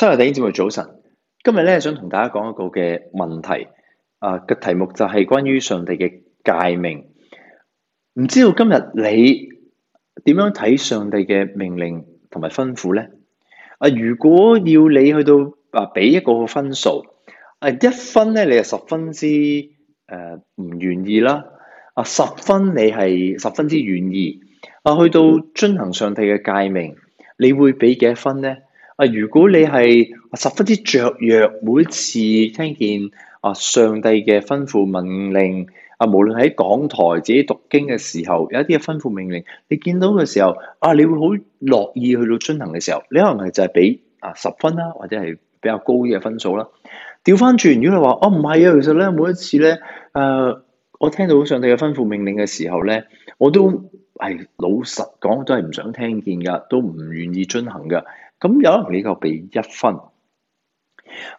《三日電影節目》，早晨，今日咧想同大家講一個嘅問題，啊個題目就係關於上帝嘅誡命。唔知道今日你點樣睇上帝嘅命令同埋吩咐咧？啊，如果要你去到啊俾一個分數，啊一分咧你係十分之誒唔、呃、願意啦，啊十分你係十分之願意，啊去到遵行上帝嘅誡命，你會俾幾分咧？啊！如果你係十分之雀躍，每一次聽見啊上帝嘅吩咐命令啊，無論喺講台自己讀經嘅時候，有一啲嘅吩咐命令，你見到嘅時候啊，你會好樂意去到遵行嘅時候，你可能係就係俾啊十分啦，或者係比較高嘅分數啦。調翻轉，如果你話哦，唔、啊、係啊，其實咧每一次咧，誒、啊、我聽到上帝嘅吩咐命令嘅時候咧，我都係老實講，都係唔想聽見噶，都唔願意遵行噶。咁有可能你就俾一分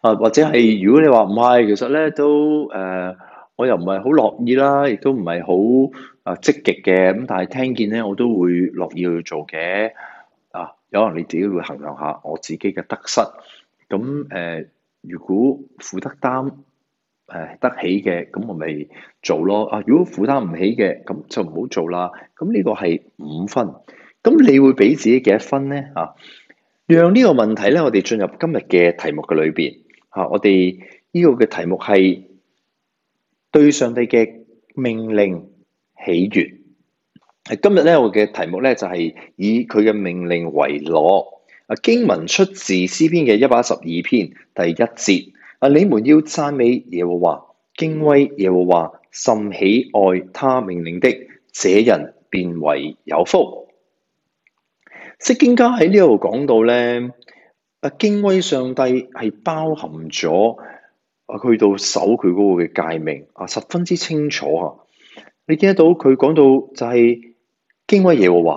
啊，或者係如果你話唔係，其實咧都誒、呃，我又唔係好樂意啦，亦都唔係好誒積極嘅。咁、啊、但係聽見咧，我都會樂意去做嘅啊。有可能你自己會衡量下我自己嘅得失。咁誒，如果負得擔誒得起嘅，咁我咪做咯。啊，如果負擔唔起嘅，咁就唔好做啦。咁、啊、呢個係五分。咁你會俾自己幾多分咧？啊？讓呢個問題咧，我哋進入今日嘅題目嘅裏邊吓，我哋呢個嘅題目係對上帝嘅命令喜悅。今日咧，我嘅題目咧就係以佢嘅命令為樂。啊，經文出自詩、詩篇嘅一百一十二篇第一節。啊，你們要讚美耶和華，敬畏耶和華，甚喜愛他命令的，這人便為有福。即經加喺呢度講到咧，阿敬畏上帝係包含咗啊，去到守佢嗰個嘅誡命，啊，十分之清楚啊！你見得到佢講到就係敬畏耶和華，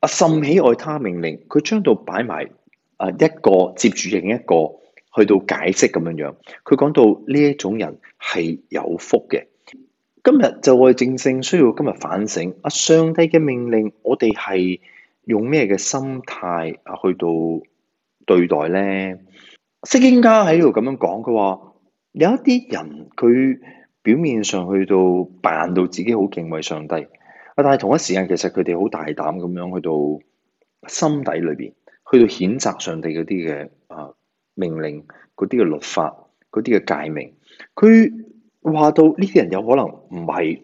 阿、啊、甚喜愛他命令。佢將到擺埋啊一個接住另一個去到解釋咁樣樣。佢講到呢一種人係有福嘅。今日就我哋正正需要今日反省。阿、啊、上帝嘅命令，我哋係。用咩嘅心態去到對待咧？聖經家喺度咁樣講，佢話有一啲人佢表面上去到扮到自己好敬畏上帝，啊！但係同一時間其實，佢哋好大膽咁樣去到心底裏邊去到譴責上帝嗰啲嘅啊命令、嗰啲嘅律法、嗰啲嘅誡命。佢話到呢啲人有可能唔係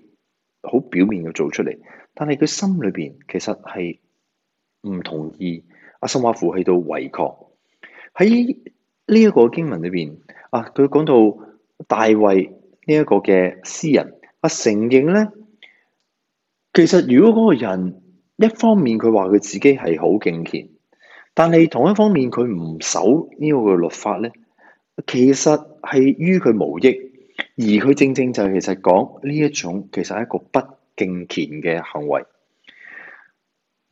好表面嘅做出嚟，但係佢心裏邊其實係。唔同意阿森瓦夫喺度違抗喺呢一個經文裏邊啊，佢講到大衛呢一個嘅詩人阿、啊、承認咧，其實如果嗰個人一方面佢話佢自己係好敬虔，但係同一方面佢唔守呢個嘅律法咧，其實係於佢無益，而佢正正就係其實講呢一種其實係一個不敬虔嘅行為。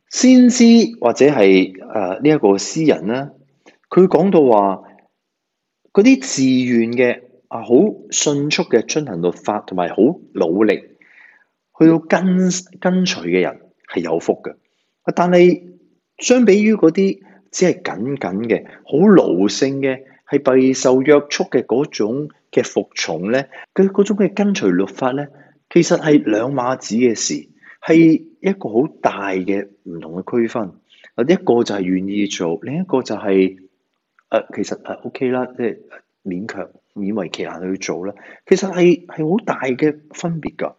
先知或者係誒呢一個詩人啦，佢講到話嗰啲自願嘅啊，好迅速嘅進行律法，同埋好努力去到跟跟隨嘅人係有福嘅。但係相比於嗰啲只係緊緊嘅、好奴性嘅、係備受約束嘅嗰種嘅服從咧，佢嗰種嘅跟隨律法咧，其實係兩碼子嘅事。係一個好大嘅唔同嘅區分，啊一個就係願意做，另一個就係、是、誒、啊、其實誒 O K 啦，即、啊、係、okay，勉強勉為其難去做啦。其實係係好大嘅分別噶，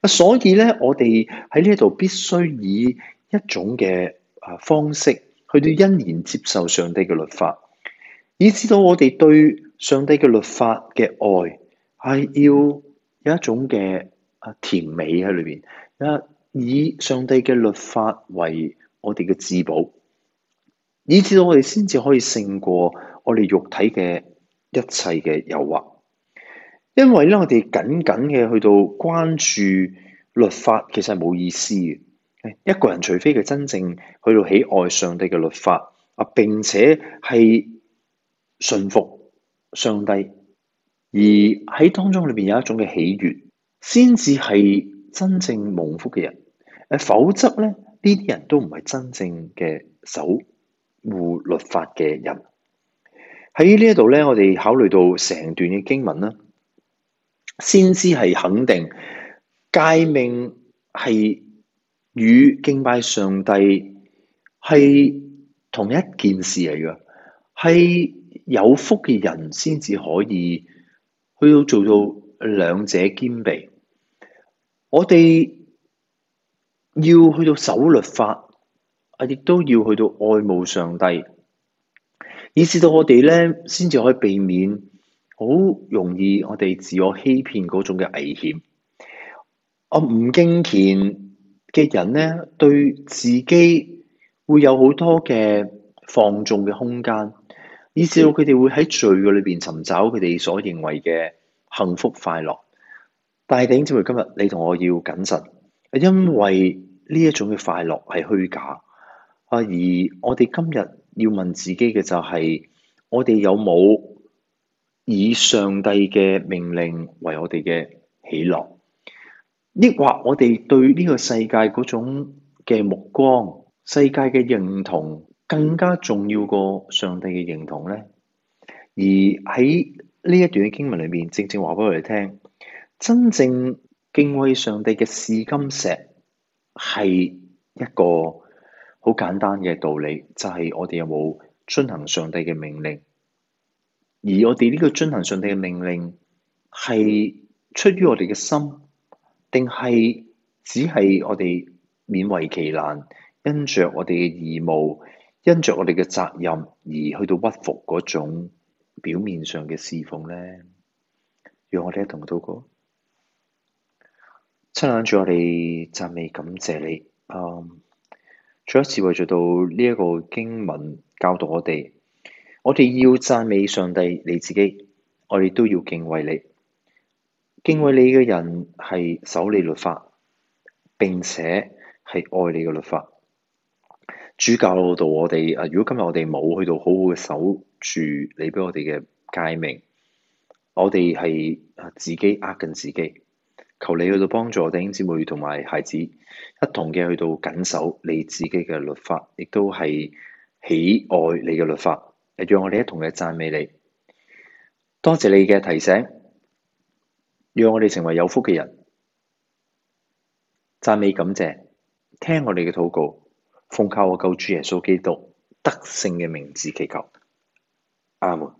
啊所以咧，我哋喺呢一度必須以一種嘅啊方式去到欣然接受上帝嘅律法，以至到我哋對上帝嘅律法嘅愛係要有一種嘅啊甜美喺裏邊一。以上帝嘅律法為我哋嘅至寶，以至到我哋先至可以勝過我哋肉體嘅一切嘅誘惑。因為咧，我哋僅僅嘅去到關注律法，其實係冇意思嘅。一個人除非佢真正去到喜愛上帝嘅律法啊，並且係順服上帝，而喺當中裏邊有一種嘅喜悅，先至係真正蒙福嘅人。否則咧，呢啲人都唔係真正嘅守護律法嘅人。喺呢度咧，我哋考慮到成段嘅經文啦，先知係肯定，誡命係與敬拜上帝係同一件事嚟嘅，係有福嘅人先至可以去到做到兩者兼備。我哋，要去到守律法，啊，亦都要去到愛慕上帝，以至到我哋咧，先至可以避免好容易我哋自我欺騙嗰種嘅危險。我、啊、唔敬虔嘅人咧，對自己會有好多嘅放縱嘅空間，以至到佢哋會喺罪嘅裏邊尋找佢哋所認為嘅幸福快樂。但係，弟兄姊妹，今日你同我要謹慎。因為呢一種嘅快樂係虛假啊，而我哋今日要問自己嘅就係、是，我哋有冇以上帝嘅命令為我哋嘅喜樂，抑或我哋對呢個世界嗰種嘅目光、世界嘅認同，更加重要過上帝嘅認同咧？而喺呢一段嘅經文裏面，正正話俾我哋聽，真正。敬畏上帝嘅試金石係一個好簡單嘅道理，就係、是、我哋有冇遵行上帝嘅命令，而我哋呢個遵行上帝嘅命令係出於我哋嘅心，定係只係我哋勉為其難，因着我哋嘅義務，因着我哋嘅責任而去到屈服嗰種表面上嘅侍奉咧？讓我哋一同禱告。親眼住我哋讚美感謝你，嗯，再一次為住到呢一個經文教導我哋，我哋要讚美上帝你自己，我哋都要敬畏你，敬畏你嘅人係守你律法，並且係愛你嘅律法。主教導我哋，如果今日我哋冇去到好好嘅守住你俾我哋嘅誡命，我哋係啊自己呃緊自己。求你去到幫助弟兄姊妹同埋孩子一同嘅去到緊守你自己嘅律法，亦都係喜愛你嘅律法，讓我哋一同嘅讚美你。多謝你嘅提醒，讓我哋成為有福嘅人。讚美感謝，聽我哋嘅禱告，奉靠我救主耶穌基督德勝嘅名字祈求，阿門。